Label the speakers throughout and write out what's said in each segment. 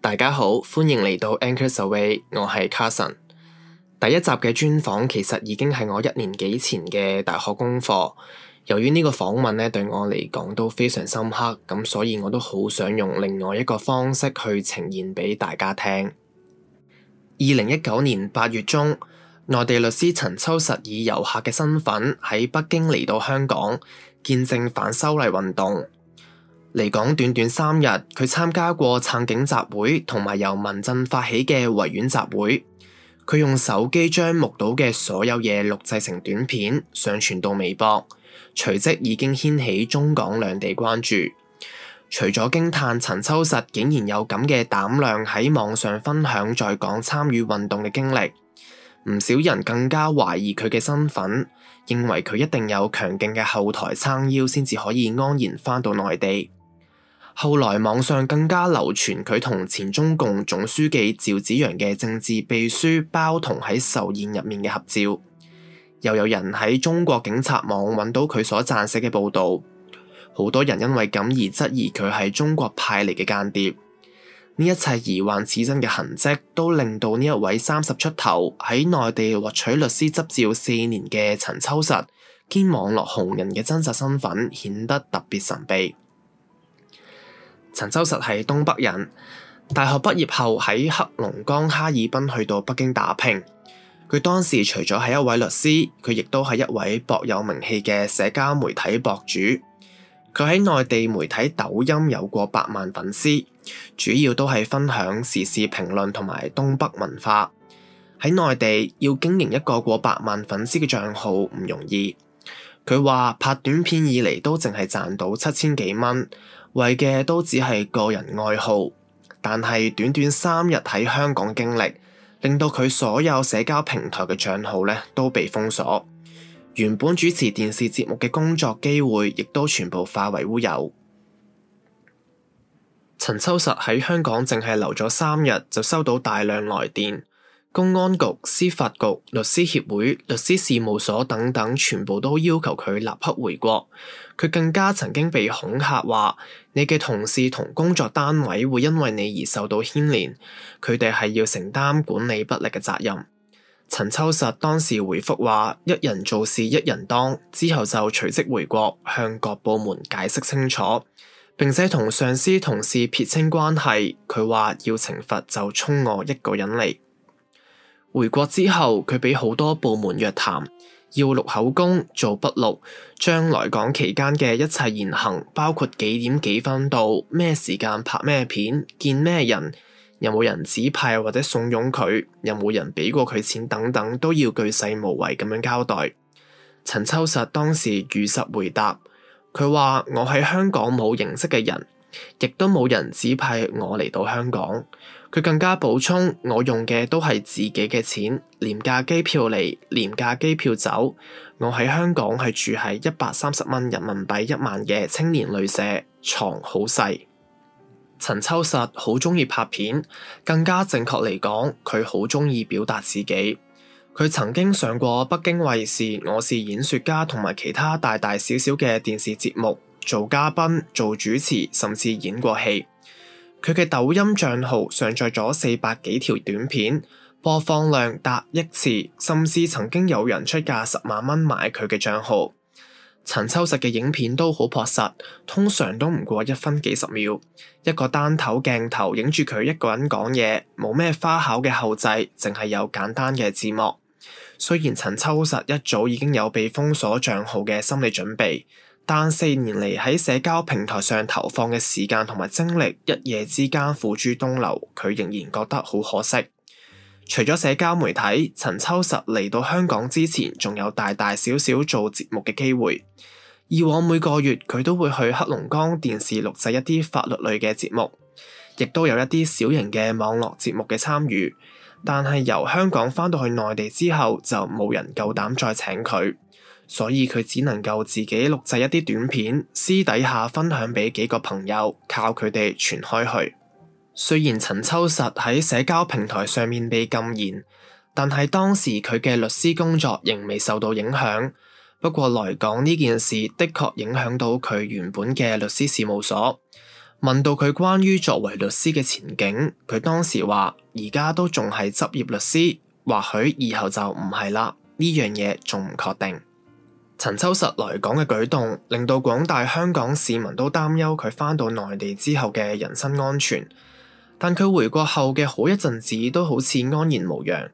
Speaker 1: 大家好，歡迎嚟到 Anchor Survey，我係 Carson。第一集嘅專訪其實已經係我一年幾前嘅大學功課，由於呢個訪問呢，對我嚟講都非常深刻，咁所以我都好想用另外一個方式去呈現俾大家聽。二零一九年八月中。內地律師陳秋實以遊客嘅身份喺北京嚟到香港見證反修例運動。嚟港短短三日，佢參加過撐警集會，同埋由民陣發起嘅維園集會。佢用手機將目睹嘅所有嘢錄製成短片，上傳到微博，隨即已經掀起中港兩地關注。除咗驚嘆，陳秋實竟然有咁嘅膽量喺網上分享在港參與運動嘅經歷。唔少人更加懷疑佢嘅身份，認為佢一定有強勁嘅後台撐腰，先至可以安然返到內地。後來網上更加流傳佢同前中共總書記趙紫陽嘅政治秘書包同喺壽宴入面嘅合照，又有人喺中國警察網揾到佢所撰寫嘅報導，好多人因為咁而質疑佢係中國派嚟嘅間諜。呢一切疑幻似真嘅痕跡，都令到呢一位三十出頭喺內地獲取律師執照四年嘅陳秋實，兼網絡紅人嘅真實身份顯得特別神秘。陳秋實係東北人，大學畢業後喺黑龍江哈爾濱去到北京打拼。佢當時除咗係一位律師，佢亦都係一位薄有名氣嘅社交媒體博主。佢喺內地媒體抖音有過百萬粉絲。主要都係分享時事評論同埋東北文化。喺內地要經營一個過百萬粉絲嘅賬號唔容易。佢話拍短片以嚟，都淨係賺到七千幾蚊，為嘅都只係個人愛好。但係短短三日喺香港經歷，令到佢所有社交平台嘅賬號呢都被封鎖，原本主持電視節目嘅工作機會亦都全部化為烏有。陳秋實喺香港淨係留咗三日，就收到大量來電。公安局、司法局、律師協會、律師事務所等等，全部都要求佢立刻回國。佢更加曾經被恐吓話：你嘅同事同工作單位會因為你而受到牽連，佢哋係要承擔管理不力嘅責任。陳秋實當時回覆話：一人做事一人當，之後就隨即回國，向各部門解釋清楚。並且同上司同事撇清關係，佢話要懲罰就沖我一個人嚟。回國之後，佢俾好多部門約談，要錄口供，做筆錄，將來港期間嘅一切言行，包括幾點幾分到，咩時間拍咩片，見咩人，有冇人指派或者慫恿佢，有冇人俾過佢錢等等，都要巨細無遺咁樣交代。陳秋實當時如實回答。佢話：我喺香港冇認識嘅人，亦都冇人指派我嚟到香港。佢更加補充：我用嘅都係自己嘅錢，廉價機票嚟，廉價機票走。我喺香港係住喺一百三十蚊人民幣一萬嘅青年旅舍，床好細。陳秋實好鍾意拍片，更加正確嚟講，佢好鍾意表達自己。佢曾經上過北京衛視《我是演說家》同埋其他大大小小嘅電視節目做嘉賓、做主持，甚至演過戲。佢嘅抖音賬號上載咗四百幾條短片，播放量達億次，甚至曾經有人出價十萬蚊買佢嘅賬號。陳秋實嘅影片都好樸實，通常都唔過一分幾十秒，一個單頭鏡頭影住佢一個人講嘢，冇咩花巧嘅後製，淨係有簡單嘅字幕。雖然陳秋實一早已經有被封鎖賬號嘅心理準備，但四年嚟喺社交平台上投放嘅時間同埋精力，一夜之間付諸東流，佢仍然覺得好可惜。除咗社交媒體，陳秋實嚟到香港之前，仲有大大小小做節目嘅機會。以往每個月佢都會去黑龍江電視錄製一啲法律類嘅節目，亦都有一啲小型嘅網絡節目嘅參與。但係由香港返到去內地之後，就冇人夠膽再請佢，所以佢只能夠自己錄製一啲短片，私底下分享俾幾個朋友，靠佢哋傳開去。雖然陳秋實喺社交平台上面被禁言，但係當時佢嘅律師工作仍未受到影響。不過來講呢件事，的確影響到佢原本嘅律師事務所。問到佢關於作為律師嘅前景，佢當時話：而家都仲係執業律師，或許以後就唔係啦。呢樣嘢仲唔確定。陳秋實來港嘅舉動，令到廣大香港市民都擔憂佢返到內地之後嘅人身安全。但佢回國後嘅好一陣子都好似安然無恙，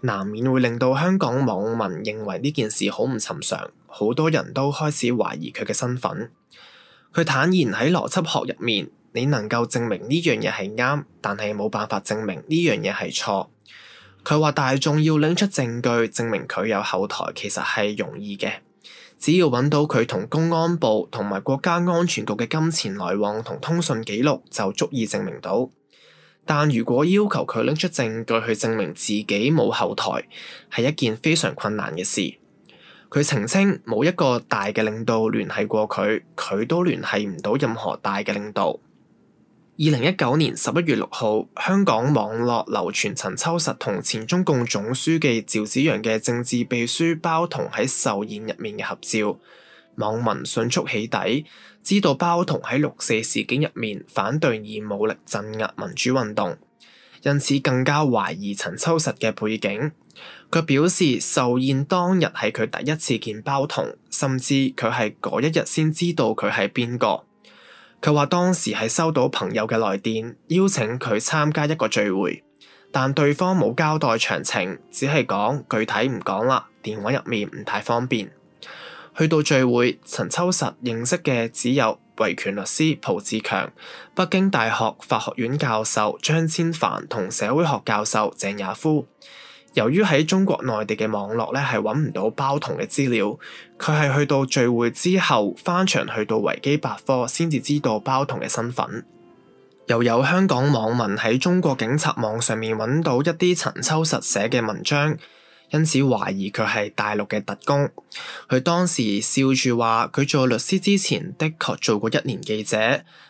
Speaker 1: 難免會令到香港網民認為呢件事好唔尋常，好多人都開始懷疑佢嘅身份。佢坦言喺邏輯學入面，你能夠證明呢樣嘢係啱，但係冇辦法證明呢樣嘢係錯。佢話大眾要拎出證據證明佢有後台，其實係容易嘅，只要揾到佢同公安部同埋國家安全局嘅金錢來往同通訊記錄就足以證明到。但如果要求佢拎出證據去證明自己冇後台，係一件非常困難嘅事。佢澄清冇一個大嘅領導聯繫過佢，佢都聯繫唔到任何大嘅領導。二零一九年十一月六號，香港網絡流傳陳秋實同前中共總書記趙紫陽嘅政治秘書鮑彤喺壽宴入面嘅合照，網民迅速起底，知道鮑彤喺六四事件入面反對以武力鎮壓民主運動，因此更加懷疑陳秋實嘅背景。佢表示，壽宴當日係佢第一次見包同，甚至佢係嗰一日先知道佢係邊個。佢話當時係收到朋友嘅來電邀請佢參加一個聚會，但對方冇交代詳情，只係講具體唔講啦，電話入面唔太方便。去到聚會，陳秋實認識嘅只有維權律師蒲志強、北京大學法學院教授張千帆同社會學教授鄭也夫。由於喺中國內地嘅網絡咧，係揾唔到包同嘅資料，佢係去到聚會之後翻牆去到維基百科先至知道包同嘅身份。又有香港網民喺中國警察網上面揾到一啲陳秋實寫嘅文章，因此懷疑佢係大陸嘅特工。佢當時笑住話：佢做律師之前，的確做過一年記者，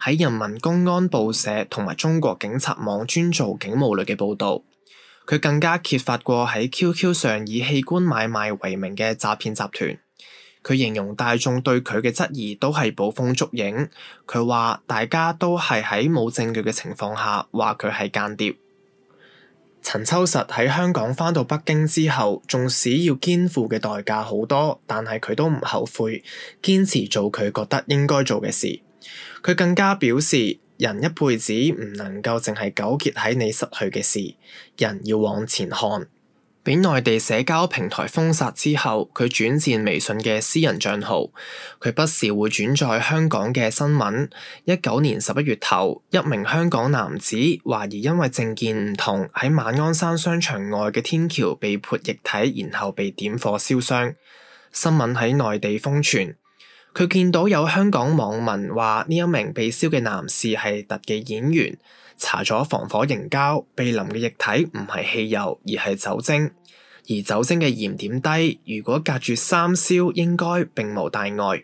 Speaker 1: 喺人民公安報社同埋中國警察網專做警務類嘅報導。佢更加揭發過喺 QQ 上以器官買賣為名嘅詐騙集團。佢形容大眾對佢嘅質疑都係捕風捉影。佢話大家都係喺冇證據嘅情況下話佢係間諜。陳秋實喺香港返到北京之後，縱使要肩負嘅代價好多，但係佢都唔後悔，堅持做佢覺得應該做嘅事。佢更加表示。人一輩子唔能夠淨係糾結喺你失去嘅事，人要往前看。俾內地社交平台封殺之後，佢轉戰微信嘅私人帳號，佢不時會轉載香港嘅新聞。一九年十一月頭，一名香港男子懷疑因為政見唔同，喺馬鞍山商場外嘅天橋被潑液體，然後被點火燒傷。新聞喺內地瘋傳。佢見到有香港網民話，呢一名被燒嘅男士係特技演員，查咗防火凝膠被淋嘅液體唔係汽油而係酒精，而酒精嘅燃點低，如果隔住三燒應該並無大礙。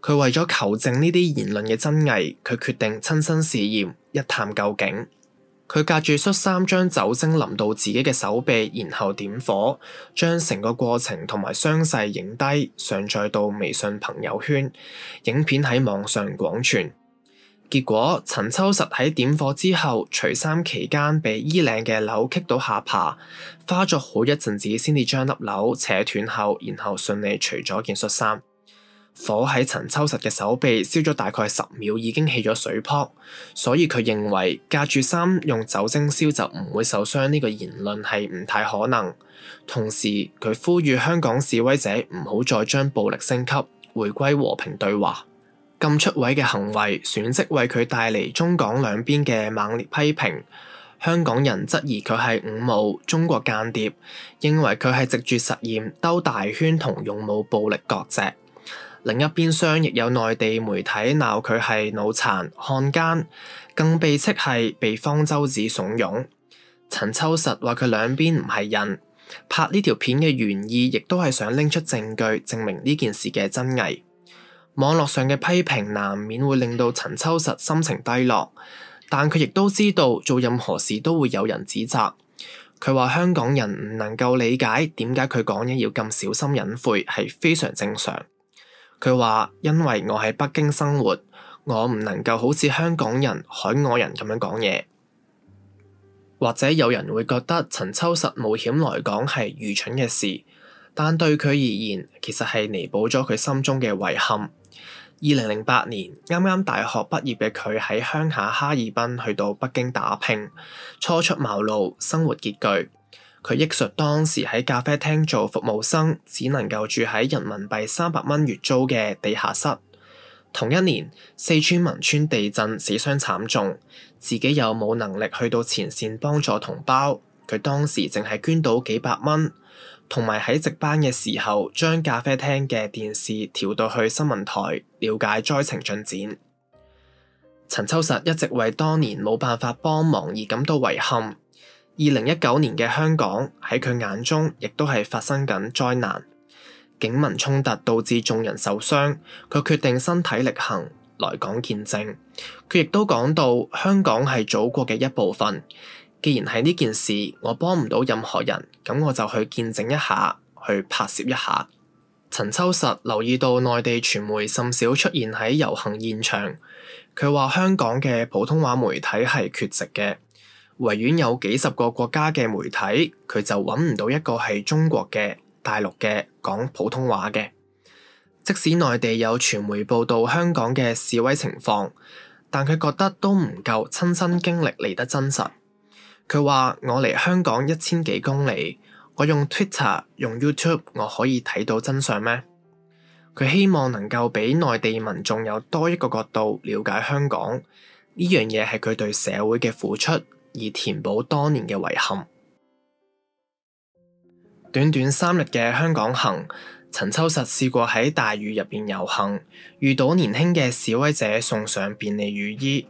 Speaker 1: 佢為咗求證呢啲言論嘅真偽，佢決定親身試驗，一探究竟。佢隔住恤衫將酒精淋到自己嘅手臂，然後點火，將成個過程同埋傷勢影低，上載到微信朋友圈，影片喺網上廣傳。結果陳秋實喺點火之後除衫期間，被衣領嘅鈕拮到下巴，花咗好一陣子先至將粒鈕扯斷後，然後順利除咗件恤衫，衫。火喺陳秋實嘅手臂燒咗大概十秒，已經起咗水泡，所以佢認為隔住衫用酒精燒就唔會受傷。呢個言論係唔太可能。同時佢呼籲香港示威者唔好再將暴力升級，回歸和平對話。咁出位嘅行為，旋即為佢帶嚟中港兩邊嘅猛烈批評。香港人質疑佢係五毛、中國間諜，認為佢係藉住實驗兜大圈同勇武暴力割席。另一邊廂，商亦有內地媒體鬧佢係腦殘漢奸，更被斥係被方舟子慫恿。陳秋實話：佢兩邊唔係人。拍呢條片嘅原意，亦都係想拎出證據證明呢件事嘅真偽。網絡上嘅批評難免會令到陳秋實心情低落，但佢亦都知道做任何事都會有人指責。佢話：香港人唔能夠理解點解佢講嘢要咁小心隱晦，係非常正常。佢話：因為我喺北京生活，我唔能夠好似香港人、海外人咁樣講嘢。或者有人會覺得陳秋實冒險來講係愚蠢嘅事，但對佢而言，其實係彌補咗佢心中嘅遺憾。二零零八年啱啱大學畢業嘅佢喺鄉下哈爾濱去到北京打拼，初出茅廬，生活拮據。佢憶述當時喺咖啡廳做服務生，只能夠住喺人民幣三百蚊月租嘅地下室。同一年，四川汶川地震死傷慘重，自己又冇能力去到前線幫助同胞，佢當時淨係捐到幾百蚊，同埋喺值班嘅時候將咖啡廳嘅電視調到去新聞台，了解災情進展。陳秋實一直為當年冇辦法幫忙而感到遺憾。二零一九年嘅香港喺佢眼中亦都係發生緊災難，警民衝突導致眾人受傷，佢決定身體力行來港見證。佢亦都講到香港係祖國嘅一部分，既然係呢件事我幫唔到任何人，咁我就去見證一下，去拍攝一下。陳秋實留意到內地傳媒甚少出現喺遊行現場，佢話香港嘅普通話媒體係缺席嘅。維園有幾十個國家嘅媒體，佢就揾唔到一個係中國嘅大陸嘅講普通話嘅。即使內地有傳媒報道香港嘅示威情況，但佢覺得都唔夠親身經歷嚟得真實。佢話：我嚟香港一千幾公里，我用 Twitter、用 YouTube，我可以睇到真相咩？佢希望能夠俾內地民眾有多一個角度了解香港呢樣嘢，係佢對社會嘅付出。以填補多年嘅遺憾。短短三日嘅香港行，陳秋實試過喺大雨入面遊行，遇到年輕嘅示威者送上便利雨衣，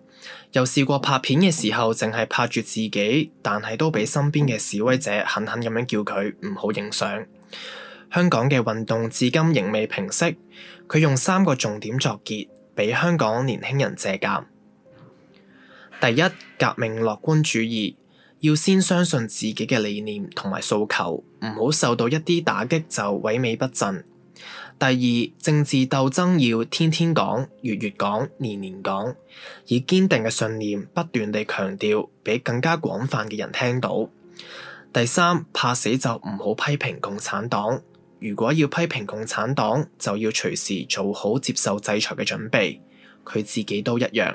Speaker 1: 又試過拍片嘅時候，淨係拍住自己，但係都俾身邊嘅示威者狠狠咁樣叫佢唔好影相。香港嘅運動至今仍未平息，佢用三個重點作結，俾香港年輕人借鑑。第一，革命樂觀主義要先相信自己嘅理念同埋訴求，唔好受到一啲打擊就萎靡不振。第二，政治鬥爭要天天講、月月講、年年講，以堅定嘅信念不斷地強調，俾更加廣泛嘅人聽到。第三，怕死就唔好批評共產黨，如果要批評共產黨，就要隨時做好接受制裁嘅準備，佢自己都一樣。